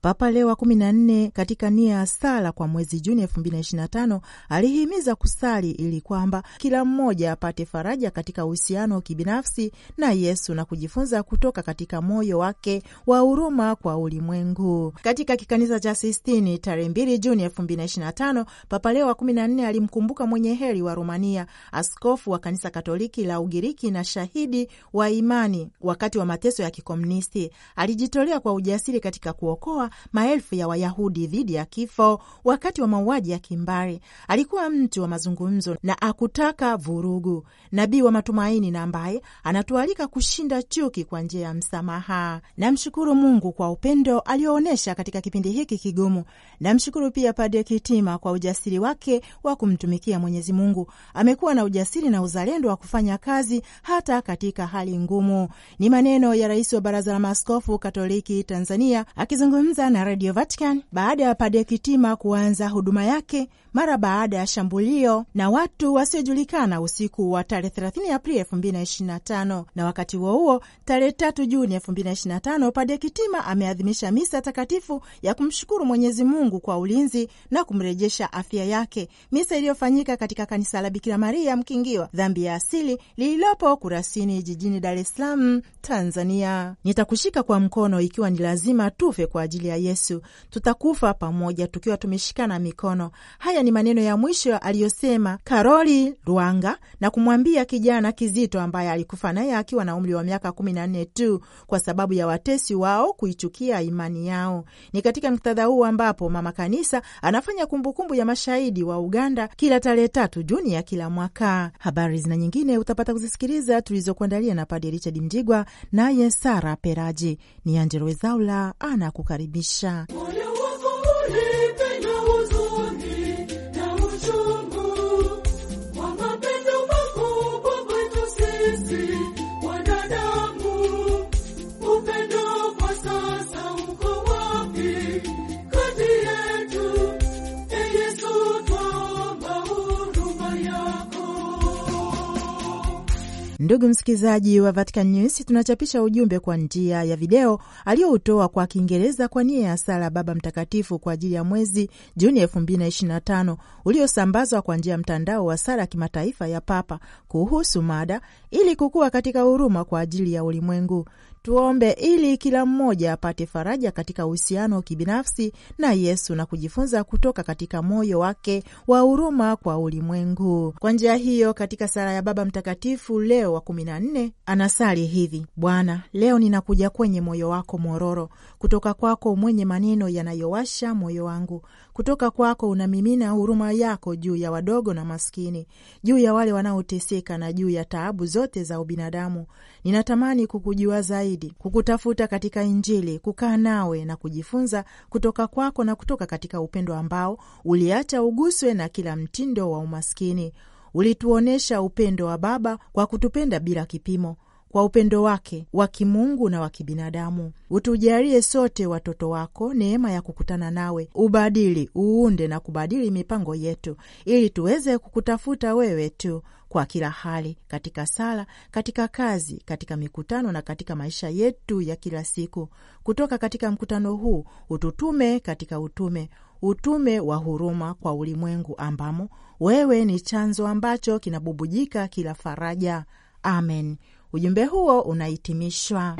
Papa Leo wa 14 katika nia ya sala kwa mwezi Juni 2025 alihimiza kusali ili kwamba kila mmoja apate faraja katika uhusiano wa kibinafsi na Yesu na kujifunza kutoka katika moyo wake wa huruma kwa ulimwengu. Katika kikanisa cha Sistini tarehe 2 Juni 2025, Papa Leo wa 14 alimkumbuka mwenye heri wa Romania, askofu wa kanisa Katoliki la Ugiriki na shahidi wa imani. Wakati wa mateso ya kikomunisti alijitolea kwa ujasiri katika kuokoa maelfu ya Wayahudi dhidi ya kifo wakati wa mauaji ya kimbari. Alikuwa mtu wa mazungumzo na akutaka vurugu, nabii wa matumaini na ambaye anatualika kushinda chuki kwa njia ya msamaha. Namshukuru Mungu kwa upendo alioonyesha katika kipindi hiki kigumu. Namshukuru pia Padre Kitima kwa ujasiri wake wa kumtumikia Mwenyezi Mungu. Amekuwa na ujasiri na uzalendo wa kufanya kazi hata katika hali ngumu. Ni maneno ya rais wa Baraza la Maaskofu Katoliki Tanzania akizungumza kuzungumza na Radio Vatican baada ya Padre Kitima kuanza huduma yake mara baada ya shambulio na watu wasiojulikana usiku wa tarehe 30 Aprili 2025. Na wakati huo huo, tarehe 3 Juni 2025, Padre Kitima ameadhimisha misa takatifu ya kumshukuru Mwenyezi Mungu kwa ulinzi na kumrejesha afya yake, misa iliyofanyika katika kanisa la Bikira Maria Mkingiwa, dhambi ya asili, lililopo Kurasini, jijini Dar es Salaam, Tanzania. Nitakushika kwa mkono ikiwa ni lazima tufe kwa ajili ya Yesu, tutakufa pamoja tukiwa tumeshikana mikono. Haya ni maneno ya mwisho aliyosema Karoli Rwanga na kumwambia kijana Kizito ambaye alikufa naye akiwa na umri wa miaka kumi na nne tu kwa sababu ya watesi wao kuichukia imani yao. Ni katika muktadha huu ambapo mama kanisa anafanya kumbukumbu kumbu ya mashahidi wa Uganda kila tarehe tatu Juni ya kila mwaka. Habari zina nyingine utapata kuzisikiliza tulizokuandalia na Padre Richard Mjigwa naye Sara Peraji. Ni Angelo Wezaula anakukaribia. 一啊。Ndugu msikilizaji wa Vatican News, tunachapisha ujumbe kwa njia ya video aliyoutoa kwa Kiingereza kwa nia ya sala Baba Mtakatifu kwa ajili ya mwezi Juni 2025 uliosambazwa kwa njia ya mtandao wa sala ya kimataifa ya Papa kuhusu mada ili kukua katika huruma kwa ajili ya ulimwengu. Tuombe ili kila mmoja apate faraja katika uhusiano wa kibinafsi na Yesu na kujifunza kutoka katika moyo wake wa huruma kwa ulimwengu. Kwa njia hiyo, katika sala ya Baba Mtakatifu Leo wa kumi na nne anasali hivi: Bwana, leo ninakuja kwenye moyo wako mororo, kutoka kwako mwenye maneno yanayowasha moyo wangu kutoka kwako unamimina huruma yako juu ya wadogo na maskini, juu ya wale wanaoteseka na juu ya taabu zote za ubinadamu. Ninatamani kukujua zaidi, kukutafuta katika Injili, kukaa nawe na kujifunza kutoka kwako na kutoka katika upendo ambao uliacha uguswe na kila mtindo wa umaskini. Ulituonyesha upendo wa Baba kwa kutupenda bila kipimo kwa upendo wake wa kimungu na wa kibinadamu. Utujalie sote watoto wako neema ya kukutana nawe, ubadili, uunde na kubadili mipango yetu, ili tuweze kukutafuta wewe tu kwa kila hali, katika sala, katika kazi, katika mikutano na katika maisha yetu ya kila siku. Kutoka katika mkutano huu ututume katika utume utume wa huruma kwa ulimwengu ambamo wewe ni chanzo ambacho kinabubujika kila faraja. Amen. Ujumbe huo unahitimishwa.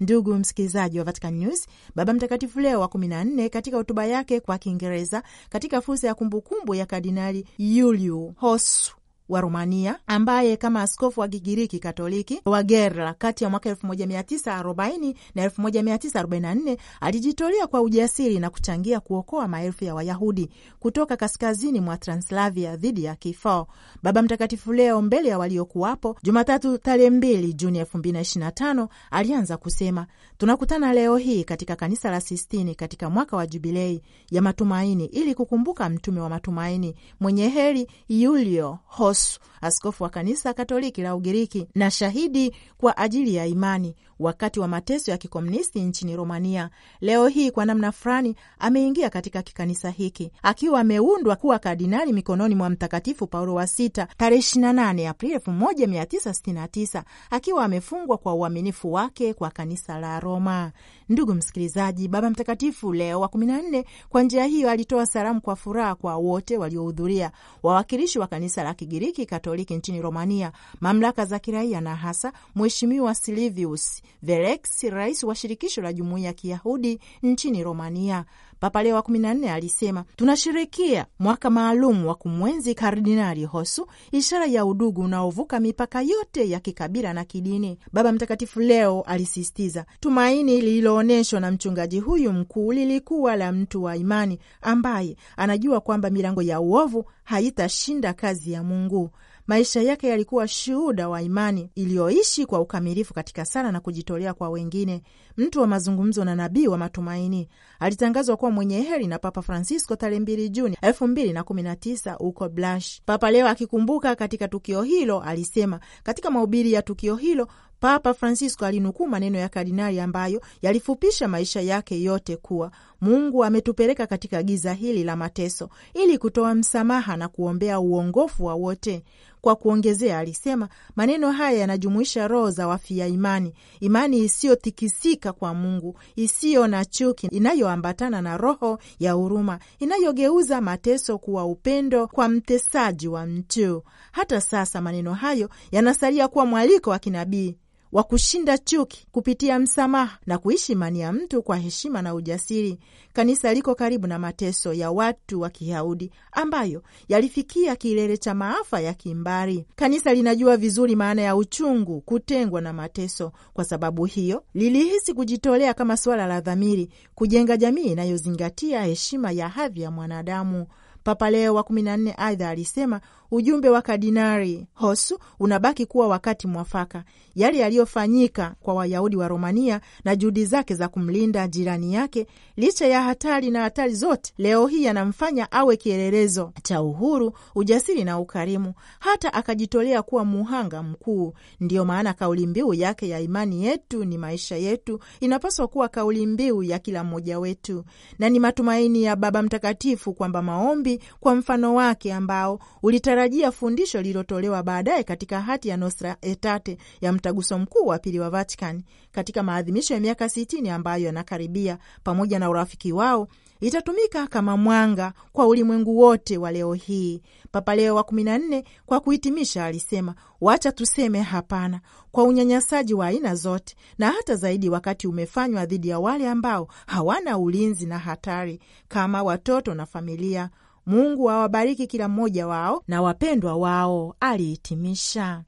Ndugu msikilizaji wa Vatican News, Baba Mtakatifu Leo wa 14 katika hotuba yake kwa Kiingereza katika fursa ya kumbukumbu ya Kardinali Yuliu Hosu wa Romania ambaye kama askofu wa Kigiriki Katoliki wa Gerla kati ya mwaka 1940 na 1944 alijitolea kwa ujasiri na kuchangia kuokoa maelfu ya Wayahudi kutoka kaskazini mwa Translavia dhidi ya kifo. Baba Mtakatifu Leo mbele ya waliokuwapo Jumatatu tarehe 2 Juni 2025 alianza kusema, tunakutana leo hii katika kanisa la Sistini katika mwaka wa jubilei ya matumaini ili kukumbuka mtume wa matumaini mwenye heri Yulio Hos Nikolaos, askofu wa kanisa Katoliki la Ugiriki na shahidi kwa ajili ya imani wakati wa mateso ya kikomunisti nchini Romania. Leo hii kwa namna fulani ameingia katika kikanisa hiki akiwa ameundwa kuwa kardinali mikononi mwa Mtakatifu Paulo wa Sita tarehe 28 Aprili 1969 akiwa amefungwa kwa uaminifu wake kwa kanisa la Roma. Ndugu msikilizaji, Baba Mtakatifu Leo wa 14 kwa njia hiyo alitoa salamu kwa furaha kwa wote waliohudhuria, wawakilishi wa kanisa la Kigiriki Katoliki nchini Romania, mamlaka za kiraia na hasa Mheshimiwa Silivius Velex, rais wa shirikisho la jumuiya ya Kiyahudi nchini Romania. Papa Leo wa 14 alisema tunashirikia mwaka maalum wa kumwenzi Kardinali Hosu, ishara ya udugu unaovuka mipaka yote ya kikabila na kidini. Baba Mtakatifu Leo alisisitiza tumaini lililoonyeshwa na mchungaji huyu mkuu lilikuwa la mtu wa imani ambaye anajua kwamba milango ya uovu haitashinda kazi ya Mungu. Maisha yake yalikuwa shuhuda wa imani iliyoishi kwa ukamilifu katika sala na kujitolea kwa wengine, mtu wa mazungumzo na nabii wa matumaini. Alitangazwa kuwa mwenye heri na Papa Francisco tarehe 2 Juni tisa huko Blash. Papa leo akikumbuka katika tukio hilo alisema, katika mahubiri ya tukio hilo Papa Francisco alinukuu maneno ya kardinali ambayo yalifupisha maisha yake yote kuwa Mungu ametupeleka katika giza hili la mateso ili kutoa msamaha na kuombea uongofu wa wote. Kwa kuongezea, alisema maneno haya yanajumuisha roho za wafia imani, imani isiyotikisika kwa Mungu, isiyo na chuki, inayoambatana na roho ya huruma inayogeuza mateso kuwa upendo kwa mtesaji wa mtu. Hata sasa maneno hayo yanasalia kuwa mwaliko wa kinabii wa kushinda chuki kupitia msamaha na kuishi imani ya mtu kwa heshima na ujasiri. Kanisa liko karibu na mateso ya watu wa Kiyahudi ambayo yalifikia kilele cha maafa ya kimbari. Kanisa linajua vizuri maana ya uchungu, kutengwa na mateso. Kwa sababu hiyo, lilihisi kujitolea kama suala la dhamiri kujenga jamii inayozingatia heshima ya hadhi ya mwanadamu. Papa Leo wa 14 aidha alisema ujumbe wa Kardinari hosu unabaki kuwa wakati mwafaka. Yale yaliyofanyika kwa Wayahudi wa Romania na juhudi zake za kumlinda jirani yake, licha ya hatari na hatari zote, leo hii yanamfanya awe kielelezo cha uhuru, ujasiri na ukarimu, hata akajitolea kuwa muhanga mkuu. Ndiyo maana kauli mbiu yake ya imani yetu ni maisha yetu inapaswa kuwa kauli mbiu ya kila mmoja wetu, na ni matumaini ya Baba Mtakatifu kwamba maombi kwa mfano wake ambao ulitara tunatarajia fundisho lililotolewa baadaye katika hati ya Nostra Aetate ya mtaguso mkuu wa pili wa Vatikani katika maadhimisho ya miaka sitini ambayo yanakaribia, pamoja na urafiki wao itatumika kama mwanga kwa ulimwengu wote wa leo hii. Papa Leo wa kumi na nne, kwa kuhitimisha, alisema wacha tuseme hapana kwa unyanyasaji wa aina zote, na hata zaidi wakati umefanywa dhidi ya wale ambao hawana ulinzi na hatari kama watoto na familia Mungu awabariki kila mmoja wao na wapendwa wao, alihitimisha.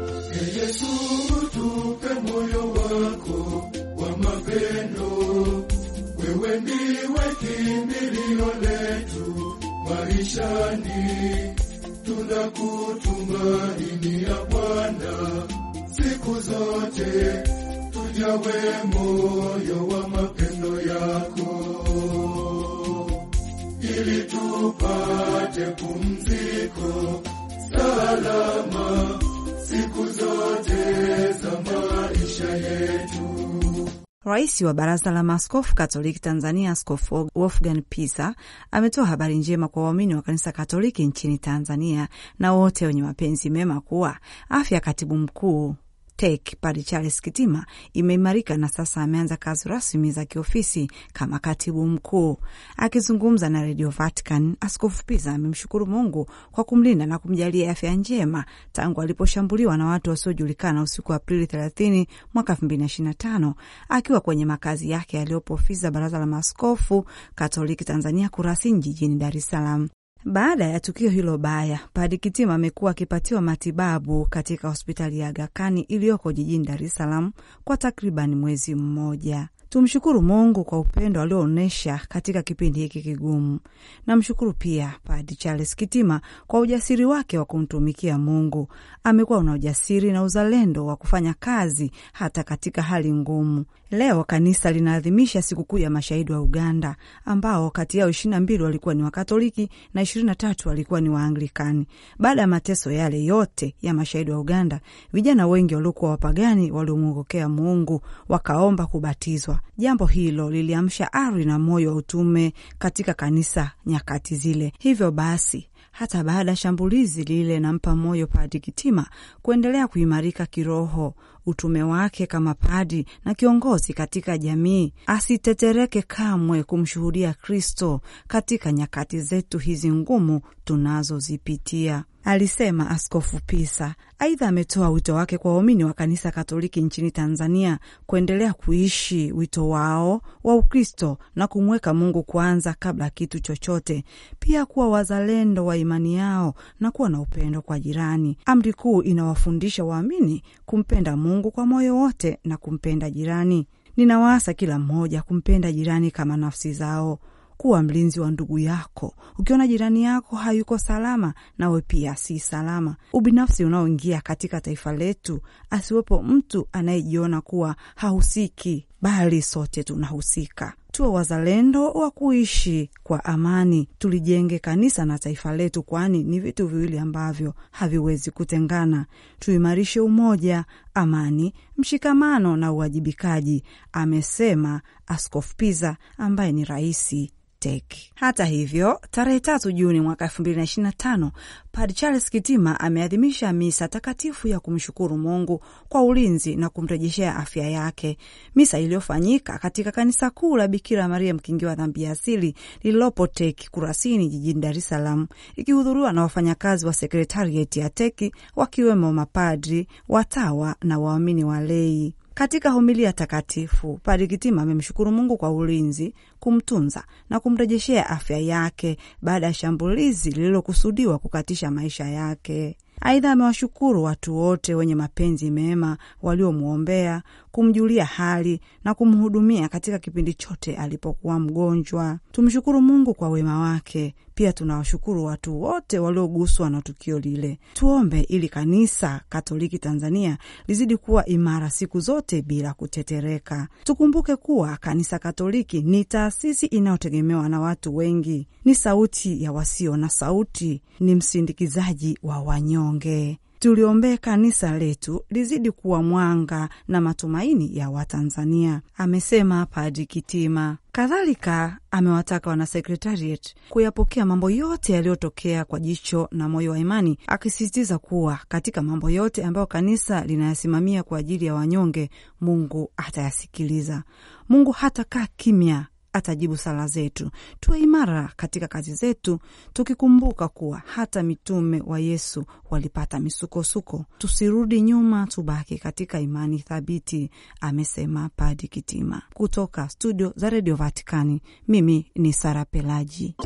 Yesu, tupe moyo wako wa mapendo, wewe ndiwe kimbilio letu maishani, tunakutumainia Bwana siku zote, tujawe moyo wa mapendo salama siku zote za maisha yetu. Rais wa Baraza la Maaskofu Katoliki Tanzania, Askofu Wolfgang Pisa ametoa habari njema kwa waumini wa Kanisa Katoliki nchini Tanzania na wote wenye mapenzi mema kuwa afya ya katibu mkuu TEC Padre Charles Kitima imeimarika na sasa ameanza kazi rasmi za kiofisi kama katibu mkuu. Akizungumza na Radio Vatican, Askofu Piza amemshukuru Mungu kwa kumlinda na kumjalia afya njema tangu aliposhambuliwa na watu wasiojulikana usiku wa Aprili 30 mwaka 2025 akiwa kwenye makazi yake yaliyopo ofisi za Baraza la Maaskofu Katoliki Tanzania Kurasini jijini Dar es Salaam. Baada ya tukio hilo baya, Padri Kitima amekuwa akipatiwa matibabu katika hospitali ya Agakani iliyoko jijini Dar es Salaam kwa takriban mwezi mmoja. Tumshukuru Mungu kwa upendo alioonyesha katika kipindi hiki kigumu. Namshukuru pia Padi Charles Kitima kwa ujasiri wake wa kumtumikia Mungu. Amekuwa na ujasiri na uzalendo wa kufanya kazi hata katika hali ngumu. Leo kanisa linaadhimisha sikukuu ya mashahidi wa Uganda, ambao kati yao ishirini mbili walikuwa ni Wakatoliki na ishirini na tatu walikuwa ni Waanglikani. Baada ya mateso yale yote ya mashahidi wa Uganda, vijana wengi waliokuwa wapagani waliomwogokea Mungu wakaomba kubatizwa Jambo hilo liliamsha ari na moyo wa utume katika kanisa nyakati zile. Hivyo basi hata baada ya shambulizi lile, nampa moyo Padri Kitima kuendelea kuimarika kiroho utume wake kama padi na kiongozi katika jamii, asitetereke kamwe kumshuhudia Kristo katika nyakati zetu hizi ngumu tunazozipitia, alisema Askofu Pisa. Aidha, ametoa wito wake kwa waumini wa kanisa Katoliki nchini Tanzania kuendelea kuishi wito wao wa Ukristo na kumweka Mungu kwanza kabla kitu chochote, pia kuwa wazalendo wa imani yao na kuwa na upendo kwa jirani. Amri kuu inawafundisha waamini kumpenda Mungu Mungu kwa moyo wote na kumpenda jirani. Ninawaasa kila mmoja kumpenda jirani kama nafsi zao. Kuwa mlinzi wa ndugu yako. Ukiona jirani yako hayuko salama, nawe pia si salama. Ubinafsi unaoingia katika taifa letu, asiwepo mtu anayejiona kuwa hahusiki, bali sote tunahusika wa wazalendo wa kuishi kwa amani, tulijenge kanisa na taifa letu, kwani ni vitu viwili ambavyo haviwezi kutengana. Tuimarishe umoja, amani, mshikamano na uwajibikaji, amesema Askofu Piza ambaye ni rais Aztec. Hata hivyo, tarehe tatu Juni mwaka elfu mbili na ishirini na tano Padre Charles Kitima ameadhimisha misa takatifu ya kumshukuru Mungu kwa ulinzi na kumrejeshea afya yake, misa iliyofanyika katika kanisa kuu la Bikira Maria mkingi wa dhambi ya asili lililopo Teki Kurasini jijini Dar es Salaam, ikihudhuriwa na wafanyakazi wa sekretarieti ya Teki wakiwemo mapadri, watawa na waamini walei. Katika homilia takatifu, Padre Kitima amemshukuru Mungu kwa ulinzi, kumtunza na kumrejeshea afya yake baada ya shambulizi lililokusudiwa kukatisha maisha yake. Aidha, amewashukuru watu wote wenye mapenzi mema waliomwombea, kumjulia hali na kumhudumia katika kipindi chote alipokuwa mgonjwa. Tumshukuru Mungu kwa wema wake. Pia tunawashukuru watu wote walioguswa na tukio lile. Tuombe ili kanisa Katoliki Tanzania lizidi kuwa imara siku zote bila kutetereka. Tukumbuke kuwa kanisa Katoliki ni taasisi inayotegemewa na watu wengi, ni sauti ya wasio na sauti, ni msindikizaji wa wanyonge tuliombee kanisa letu lizidi kuwa mwanga na matumaini ya Watanzania, amesema Padri Kitima. Kadhalika amewataka wanasekretariat kuyapokea mambo yote yaliyotokea kwa jicho na moyo wa imani, akisisitiza kuwa katika mambo yote ambayo kanisa linayasimamia kwa ajili ya wanyonge, Mungu atayasikiliza. Mungu hatakaa kimya atajibu sala zetu. Tuwe imara katika kazi zetu, tukikumbuka kuwa hata mitume wa Yesu walipata misukosuko. Tusirudi nyuma, tubaki katika imani thabiti, amesema Padi Kitima. Kutoka studio za redio vaticani mimi ni Sara Pelaji.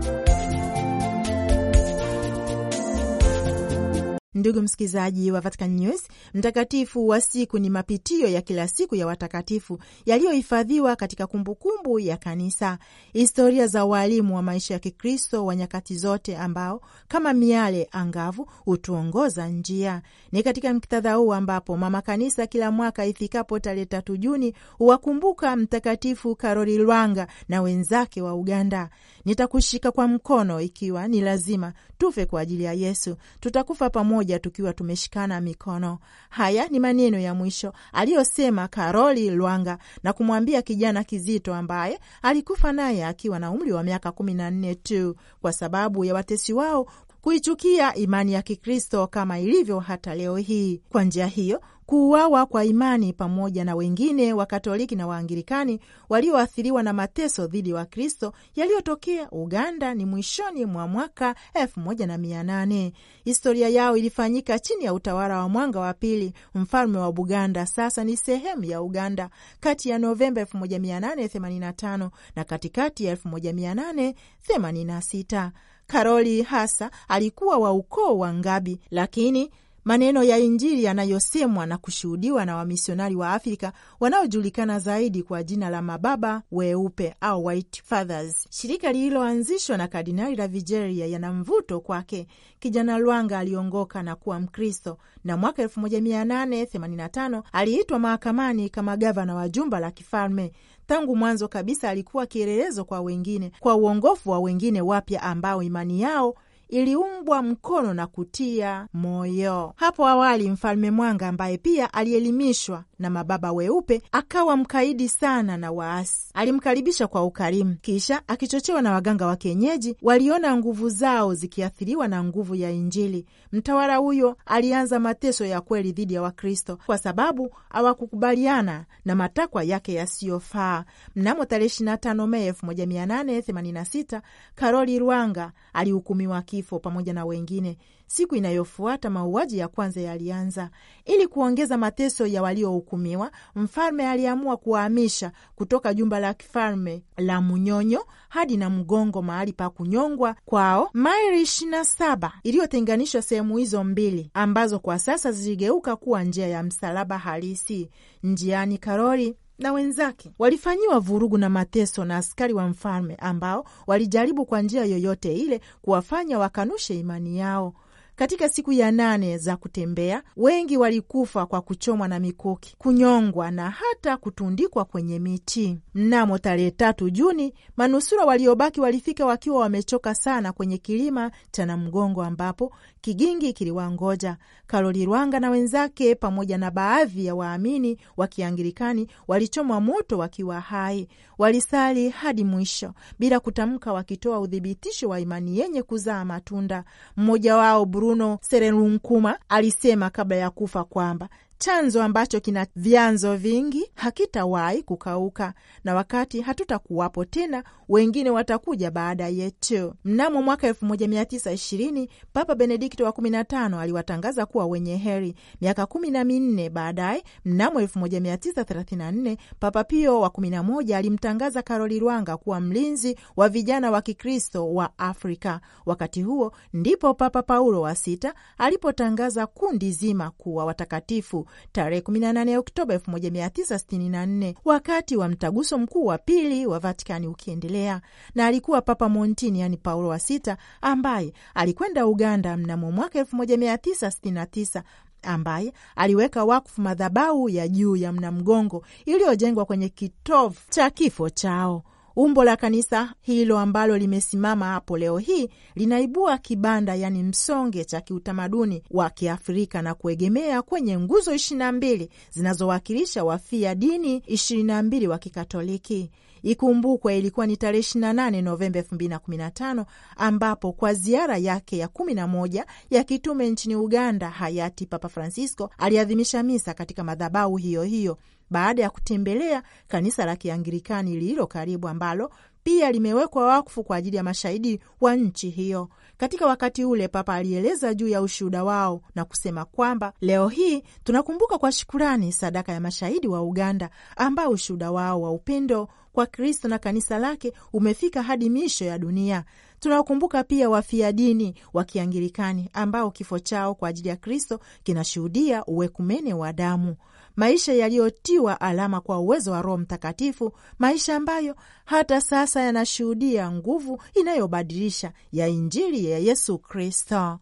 Ndugu msikilizaji wa Vatican News, mtakatifu wa siku ni mapitio ya kila siku ya watakatifu yaliyohifadhiwa katika kumbukumbu kumbu ya Kanisa, historia za waalimu wa maisha ya Kikristo wa nyakati zote ambao kama miale angavu hutuongoza njia. Ni katika mktadha huu ambapo Mama Kanisa kila mwaka ifikapo tarehe tatu Juni huwakumbuka Mtakatifu Karoli Lwanga na wenzake wa Uganda. Nitakushika kwa mkono, ikiwa ni lazima tufe kwa ajili ya Yesu, tutakufa pamoja pamoja tukiwa tumeshikana mikono. Haya ni maneno ya mwisho aliyosema Karoli Lwanga na kumwambia kijana Kizito ambaye alikufa naye akiwa na umri wa miaka kumi na nne tu kwa sababu ya watesi wao kuichukia imani ya Kikristo kama ilivyo hata leo hii. Kwa njia hiyo kuuawa kwa imani pamoja na wengine Wakatoliki na Waangirikani walioathiriwa na mateso dhidi wa kristo yaliyotokea Uganda ni mwishoni mwa mwaka elfu moja na mia nane. Historia yao ilifanyika chini ya utawala wa Mwanga wa Pili, mfalme wa Buganda sasa ni sehemu ya Uganda, kati ya Novemba 1885 na katikati ya 1886. Karoli hasa alikuwa wa ukoo wa Ngabi, lakini maneno ya Injili yanayosemwa na kushuhudiwa na wamisionari wa Afrika wanaojulikana zaidi kwa jina la mababa weupe au White Fathers. Shirika lililoanzishwa na Kardinali Vigeria yana mvuto kwake. Kijana Lwanga aliongoka na kuwa Mkristo na mwaka 1885 aliitwa mahakamani kama gavana wa jumba la kifalme. Tangu mwanzo kabisa alikuwa kielelezo kwa wengine, kwa uongofu wa wengine wapya ambao imani yao iliumbwa mkono na kutia moyo. Hapo awali, Mfalme Mwanga ambaye pia alielimishwa na mababa weupe akawa mkaidi sana na waasi, alimkaribisha kwa ukarimu. Kisha akichochewa na waganga wa kienyeji waliona nguvu zao zikiathiriwa na nguvu ya Injili, mtawala huyo alianza mateso ya kweli dhidi ya Wakristo kwa sababu hawakukubaliana na matakwa yake yasiyofaa. Mnamo tarehe 25 Mei 1886 Karoli Rwanga alihukumiwa kifo pamoja na wengine. Siku inayofuata mauaji ya kwanza yalianza. Ili kuongeza mateso ya waliohukumiwa, mfalme aliamua kuwahamisha kutoka jumba la kifalme la Munyonyo hadi na Mgongo, mahali pa kunyongwa kwao, maili ishirini na saba iliyotenganishwa sehemu hizo mbili ambazo kwa sasa ziligeuka kuwa njia ya msalaba halisi. Njiani Karoli na wenzake walifanyiwa vurugu na mateso na askari wa mfalme ambao walijaribu kwa njia yoyote ile kuwafanya wakanushe imani yao. Katika siku ya nane za kutembea, wengi walikufa kwa kuchomwa na mikuki, kunyongwa na hata kutundikwa kwenye miti. Mnamo tarehe tatu Juni, manusura waliobaki walifika wakiwa wamechoka sana kwenye kilima cha Namgongo ambapo kigingi kiliwangoja. Karoli Rwanga na wenzake pamoja na baadhi ya waamini wa Kiangirikani walichomwa moto wakiwa hai. Walisali hadi mwisho bila kutamka, wakitoa uthibitisho wa imani yenye kuzaa matunda. Mmoja wao Bruno Bruno Sererunkuma alisema kabla ya kufa kwamba chanzo ambacho kina vyanzo vingi hakitawahi kukauka, na wakati hatutakuwapo tena, wengine watakuja baada yetu. Mnamo mwaka 1920 Papa Benedikto wa 15 aliwatangaza kuwa wenye heri. Miaka kumi na minne baadaye, mnamo 1934 Papa Pio wa 11 alimtangaza Karoli Lwanga kuwa mlinzi wa vijana wa Kikristo wa Afrika. Wakati huo ndipo Papa Paulo wa sita alipotangaza kundi zima kuwa watakatifu tarehe 18 Oktoba 1964 wakati wa mtaguso mkuu wa pili wa Vatikani ukiendelea, na alikuwa Papa Montini, yani Paulo wa sita, ambaye alikwenda Uganda mnamo mwaka 1969 ambaye aliweka wakfu madhabahu ya juu ya Mnamgongo iliyojengwa kwenye kitovu cha kifo chao. Umbo la kanisa hilo ambalo limesimama hapo leo hii linaibua kibanda, yaani msonge cha kiutamaduni wa Kiafrika na kuegemea kwenye nguzo ishirini na mbili zinazowakilisha wafia dini ishirini na mbili wa Kikatoliki. Ikumbukwe ilikuwa ni tarehe 28 Novemba 2015 ambapo kwa ziara yake ya kumi na moja ya kitume nchini Uganda, hayati Papa Francisco aliadhimisha misa katika madhabahu hiyo hiyo baada ya kutembelea kanisa la Kianglikani lililo karibu ambalo pia limewekwa wakfu kwa ajili ya mashahidi wa nchi hiyo. Katika wakati ule Papa alieleza juu ya ushuhuda wao na kusema kwamba leo hii tunakumbuka kwa shukurani sadaka ya mashahidi wa Uganda ambao ushuhuda wao wa upendo kwa Kristo na kanisa lake umefika hadi miisho ya dunia. Tunawakumbuka pia wafia dini wa Kiangirikani ambao kifo chao kwa ajili ya Kristo kinashuhudia uwekumene wa damu, maisha yaliyotiwa alama kwa uwezo wa Roho Mtakatifu, maisha ambayo hata sasa yanashuhudia nguvu inayobadilisha ya Injili ya Yesu Kristo.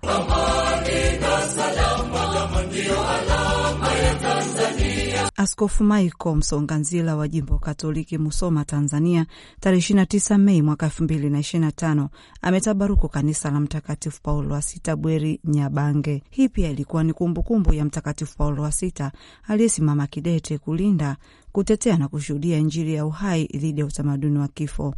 Askofu Michael Msonganzila wa jimbo Katoliki Musoma, Tanzania, tarehe 29 Mei mwaka 2025 ametabaruku kanisa la Mtakatifu Paulo wa Sita Bweri Nyabange. Hii pia ilikuwa ni kumbukumbu ya Mtakatifu Paulo wa Sita aliyesimama kidete kulinda, kutetea na kushuhudia Injili ya uhai dhidi ya utamaduni wa kifo.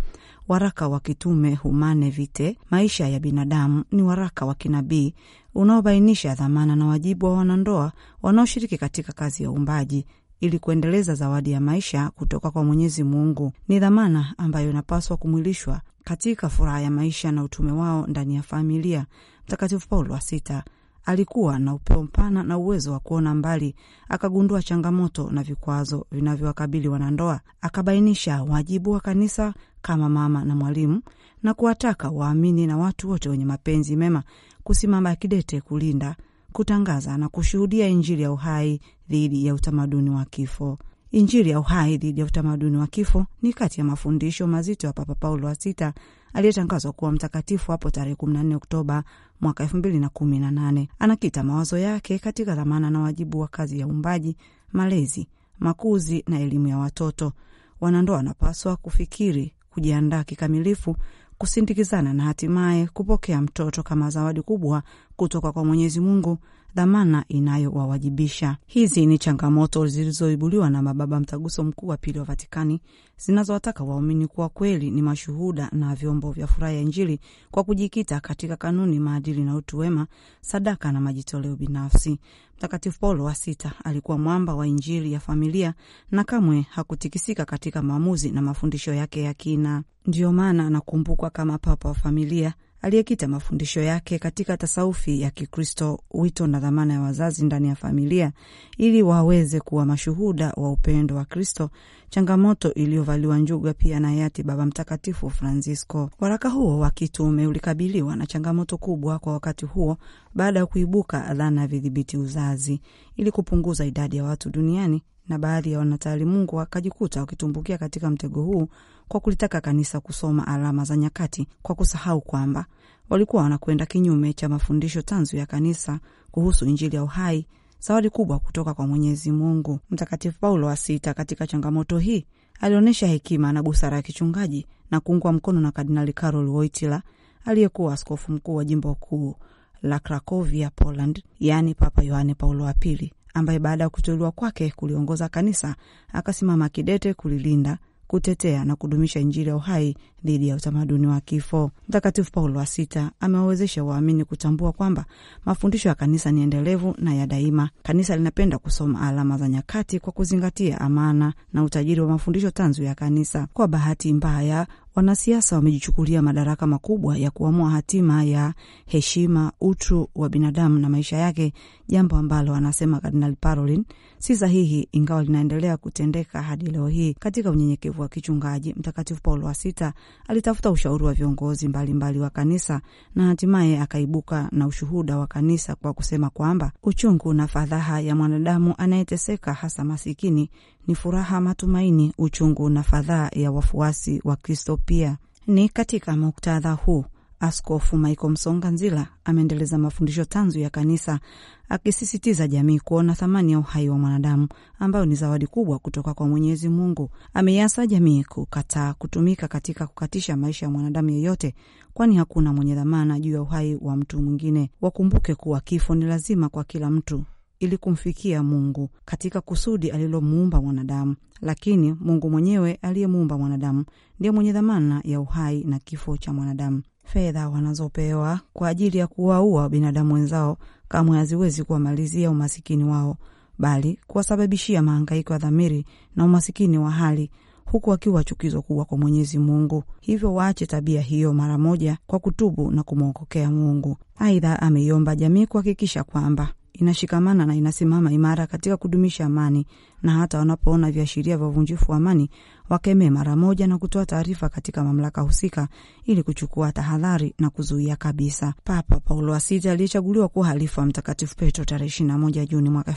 Waraka wa kitume Humane Vitae, maisha ya binadamu, ni waraka wa kinabii unaobainisha dhamana na wajibu wa wanandoa wanaoshiriki katika kazi ya uumbaji ili kuendeleza zawadi ya maisha kutoka kwa Mwenyezi Mungu. Ni dhamana ambayo inapaswa kumwilishwa katika furaha ya maisha na utume wao ndani ya familia. Mtakatifu Paulo wa Sita alikuwa na upeo mpana na uwezo wa kuona mbali, akagundua changamoto na vikwazo vinavyowakabili wanandoa, akabainisha wajibu wa kanisa kama mama na mwalimu, na kuwataka waamini na watu wote wenye mapenzi mema kusimama kidete kulinda, kutangaza na kushuhudia Injili ya uhai dhidi ya utamaduni wa kifo. Injili ya uhai dhidi ya utamaduni wa kifo ni kati ya mafundisho mazito ya Papa Paulo wa Sita aliyetangazwa kuwa mtakatifu hapo tarehe 14 Oktoba mwaka 2018. Anakita mawazo yake katika dhamana na wajibu wa kazi ya uumbaji, malezi, makuzi na elimu ya watoto. Wanandoa wanapaswa kufikiri, kujiandaa kikamilifu, kusindikizana na hatimaye kupokea mtoto kama zawadi kubwa kutoka kwa Mwenyezi Mungu dhamana inayowawajibisha. Hizi ni changamoto zilizoibuliwa na mababa mtaguso mkuu wa pili wa Vatikani zinazowataka waumini kuwa kweli ni mashuhuda na vyombo vya furaha ya Injili kwa kujikita katika kanuni, maadili na utu wema, sadaka na majitoleo binafsi. Mtakatifu Paulo wa Sita alikuwa mwamba wa Injili ya familia na kamwe hakutikisika katika maamuzi na mafundisho yake ya kina. Ndiyo maana anakumbukwa kama papa wa familia aliyekita mafundisho yake katika tasaufi ya Kikristo, wito na dhamana ya wazazi ndani ya familia ili waweze kuwa mashuhuda wa upendo wa Kristo, changamoto iliyovaliwa njuga pia na hayati Baba Mtakatifu Francisco. Waraka huo wa kitume ulikabiliwa na changamoto kubwa kwa wakati huo baada ya kuibuka dhana ya vidhibiti uzazi ili kupunguza idadi ya watu duniani, na baadhi ya wanataalimungu wakajikuta wakitumbukia katika mtego huu kwa kulitaka kanisa kusoma alama za nyakati kwa kusahau kwamba walikuwa wanakwenda kinyume cha mafundisho tanzu ya kanisa kuhusu Injili ya uhai, zawadi kubwa kutoka kwa Mwenyezi Mungu. Mtakatifu Paulo wa Sita, katika changamoto hii, alionyesha hekima na busara ya kichungaji na kuungwa mkono na Kardinali Karol Wojtyla aliyekuwa askofu mkuu wa jimbo kuu la Krakovia, Poland, yaani Papa Yohane Paulo wa Pili, ambaye baada ya kuteuliwa kwake kuliongoza kanisa akasimama kidete kulilinda kutetea na kudumisha Injili ya uhai dhidi ya utamaduni wa kifo. Mtakatifu Paulo wa Sita amewawezesha waamini kutambua kwamba mafundisho ya kanisa ni endelevu na ya daima. Kanisa linapenda kusoma alama za nyakati kwa kuzingatia amana na utajiri wa mafundisho tanzu ya kanisa. Kwa bahati mbaya wanasiasa wamejichukulia madaraka makubwa ya kuamua hatima ya heshima, utu wa binadamu na maisha yake, jambo ambalo anasema Kardinali Parolin si sahihi, ingawa linaendelea kutendeka hadi leo hii. Katika unyenyekevu wa kichungaji, Mtakatifu Paulo wa Sita alitafuta ushauri wa viongozi mbalimbali mbali wa kanisa na hatimaye akaibuka na ushuhuda wa kanisa kwa kusema kwamba uchungu na fadhaha ya mwanadamu anayeteseka hasa masikini ni furaha, matumaini, uchungu na fadhaa ya wafuasi wa Kristo. Pia ni katika muktadha huu Askofu Michael Msonga Nzila ameendeleza mafundisho tanzu ya kanisa akisisitiza jamii kuona thamani ya uhai wa mwanadamu ambayo ni zawadi kubwa kutoka kwa Mwenyezi Mungu. Ameiasa jamii kukataa kutumika katika kukatisha maisha ya mwanadamu yeyote, kwani hakuna mwenye dhamana juu ya uhai wa mtu mwingine. Wakumbuke kuwa kifo ni lazima kwa kila mtu ili kumfikia Mungu katika kusudi alilomuumba mwanadamu, lakini Mungu mwenyewe aliyemuumba mwanadamu ndiye mwenye dhamana ya uhai na kifo cha mwanadamu. Fedha wanazopewa kwa ajili ya kuwaua binadamu wenzao kamwe haziwezi kuwamalizia umasikini wao, bali kuwasababishia maangaiko ya dhamiri na umasikini wa hali, huku wakiwa chukizo kubwa kwa Mwenyezi Mungu. Hivyo waache tabia hiyo mara moja kwa kutubu na kumwokokea Mungu. Aidha, ameiomba jamii kuhakikisha kwamba inashikamana na inasimama imara katika kudumisha amani, na hata wanapoona viashiria vya uvunjifu wa amani wakemee mara moja na kutoa taarifa katika mamlaka husika ili kuchukua tahadhari na kuzuia kabisa. Papa Paulo wa Sita aliyechaguliwa kuwa halifa wa Mtakatifu Petro tarehe moja Juni mwaka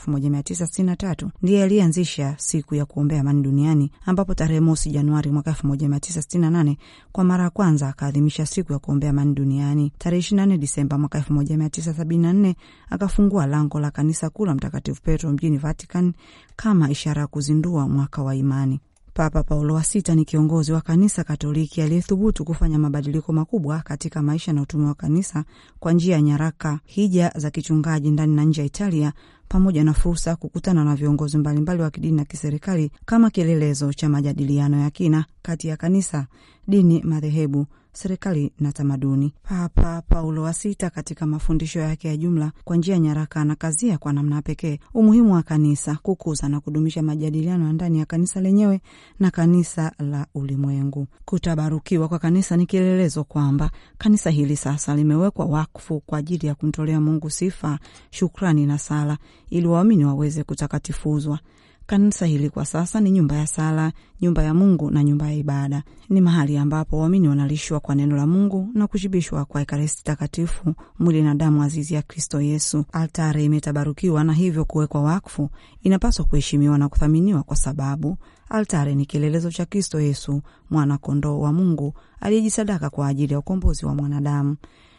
tatu ndiye aliyeanzisha siku ya kuombea amani duniani, ambapo tarehe mosi Januari mwaka 1968 kwa mara ya kwanza akaadhimisha siku ya kuombea amani duniani. Tarehe nne Disemba mwaka 1974 akafungua lango la kanisa kuu la Mtakatifu Petro mjini Vatican kama ishara ya kuzindua mwaka wa imani. Papa Paulo wa Sita ni kiongozi wa kanisa Katoliki aliyethubutu kufanya mabadiliko makubwa katika maisha na utume wa kanisa kwa njia ya nyaraka, hija za kichungaji ndani na nje ya Italia, pamoja na fursa kukutana na viongozi mbalimbali wa kidini na kiserikali kama kielelezo cha majadiliano ya kina kati ya kanisa, dini, madhehebu serikali na tamaduni. Papa Paulo wa Sita katika mafundisho yake ya jumla kwa njia ya nyaraka anakazia kwa namna pekee umuhimu wa kanisa kukuza na kudumisha majadiliano ya ndani ya kanisa lenyewe na kanisa la ulimwengu. Kutabarukiwa kwa kanisa ni kielelezo kwamba kanisa hili sasa limewekwa wakfu kwa ajili ya kumtolea Mungu sifa, shukrani na sala, ili waamini waweze kutakatifuzwa. Kanisa hili kwa sasa ni nyumba ya sala, nyumba ya Mungu na nyumba ya ibada. Ni mahali ambapo waamini wanalishwa kwa neno la Mungu na kushibishwa kwa Ekaristi Takatifu, mwili na damu azizi ya Kristo Yesu. Altare imetabarukiwa na hivyo kuwekwa wakfu, inapaswa kuheshimiwa na kuthaminiwa kwa sababu altare ni kielelezo cha Kristo Yesu, mwana kondoo wa Mungu aliyejisadaka kwa ajili ya ukombozi wa mwanadamu.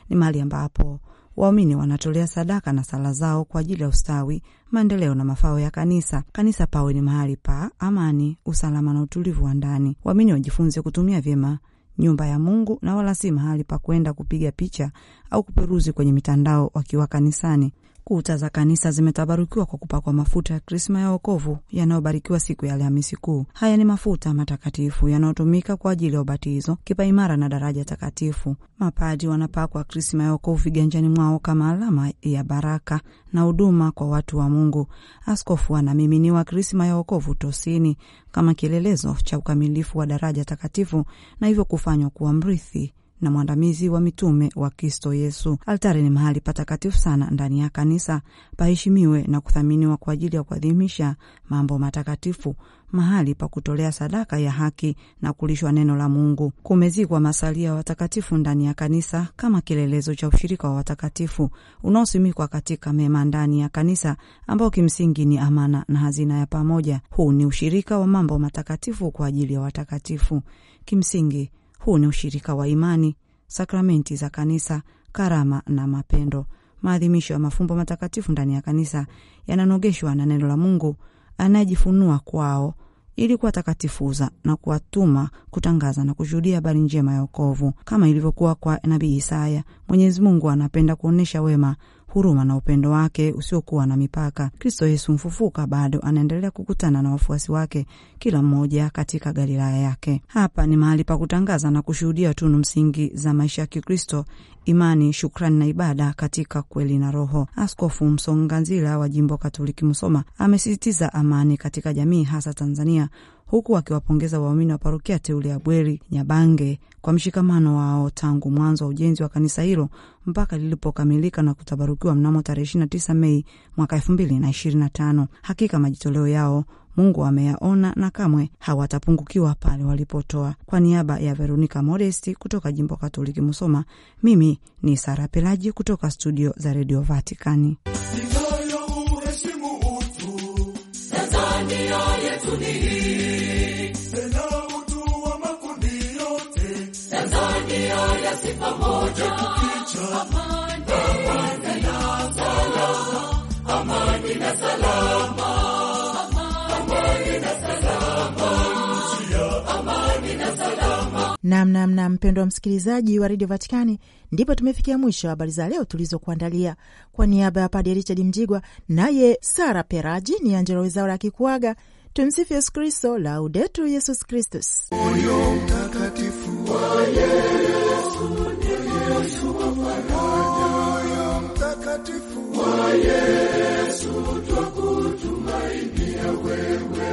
Ni mahali ambapo Waumini wanatolea sadaka na sala zao kwa ajili ya ustawi, maendeleo na mafao ya kanisa. Kanisa pawe ni mahali pa amani, usalama na utulivu wa ndani. Waamini wajifunze kutumia vyema nyumba ya Mungu na wala si mahali pa kwenda kupiga picha au kuperuzi kwenye mitandao wakiwa kanisani. Kuta za kanisa zimetabarukiwa kwa kupakwa mafuta ya krisma ya wokovu yanayobarikiwa siku ya Alhamisi Kuu. Haya ni mafuta matakatifu yanayotumika kwa ajili ya ubatizo, kipaimara na daraja takatifu. Mapadi wanapakwa krisma ya wokovu viganjani mwao kama alama ya baraka na huduma kwa watu wa Mungu. Askofu anamiminiwa krisma ya wokovu tosini kama kielelezo cha ukamilifu wa daraja takatifu na hivyo kufanywa kuwa mrithi na mwandamizi wa mitume wa Kristo Yesu. Altari ni mahali patakatifu sana ndani ya kanisa, paheshimiwe na kuthaminiwa kwa ajili ya kuadhimisha mambo matakatifu, mahali pa kutolea sadaka ya haki na kulishwa neno la Mungu. Kumezikwa masalia ya watakatifu ndani ya kanisa kama kielelezo cha ushirika wa watakatifu unaosimikwa katika mema ndani ya kanisa, ambao kimsingi ni amana na hazina ya pamoja. Huu ni ushirika wa mambo matakatifu kwa ajili ya watakatifu kimsingi huu ni ushirika wa imani, sakramenti za kanisa, karama na mapendo. Maadhimisho ya mafumbo matakatifu ndani ya kanisa yananogeshwa na neno la Mungu anayejifunua kwao ili kuwatakatifuza na kuwatuma kutangaza na kushuhudia habari njema ya wokovu. Kama ilivyokuwa kwa nabii Isaya, Mwenyezi Mungu anapenda kuonyesha wema huruma na upendo wake usiokuwa na mipaka. Kristo Yesu mfufuka bado anaendelea kukutana na wafuasi wake, kila mmoja katika Galilaya yake. Hapa ni mahali pa kutangaza na kushuhudia tunu msingi za maisha ya Kikristo: imani, shukrani na ibada katika kweli na Roho. Askofu Msonganzila wa jimbo Katoliki Musoma amesisitiza amani katika jamii, hasa Tanzania huku akiwapongeza waumini wa parokia teule ya Bweri Nyabange kwa mshikamano wao tangu mwanzo wa ujenzi wa kanisa hilo mpaka lilipokamilika na kutabarukiwa mnamo tarehe 29 Mei mwaka 2025. Hakika majitoleo yao Mungu ameyaona na kamwe hawatapungukiwa pale walipotoa. Kwa niaba ya Veronica Modesti kutoka jimbo Katoliki Musoma, mimi ni Sara Pelaji kutoka studio za redio vaticani Tanzania yetu ni hii Namnamna mpendo wa msikilizaji wa redio Vatikani, ndipo tumefikia mwisho habari za leo tulizokuandalia. Kwa niaba ya Padre Richard Mjigwa naye Sara Peraji ni Anjelo la kikuaga, Tumsifu Yesu Kristo, Laudetur Yesus Kristus. Moyo Mtakatifu wa yeye faraja mtakatifu wa Yesu, twakutumainia wewe